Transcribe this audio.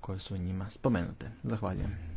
koje su njima spomenute. Zahvaljujem.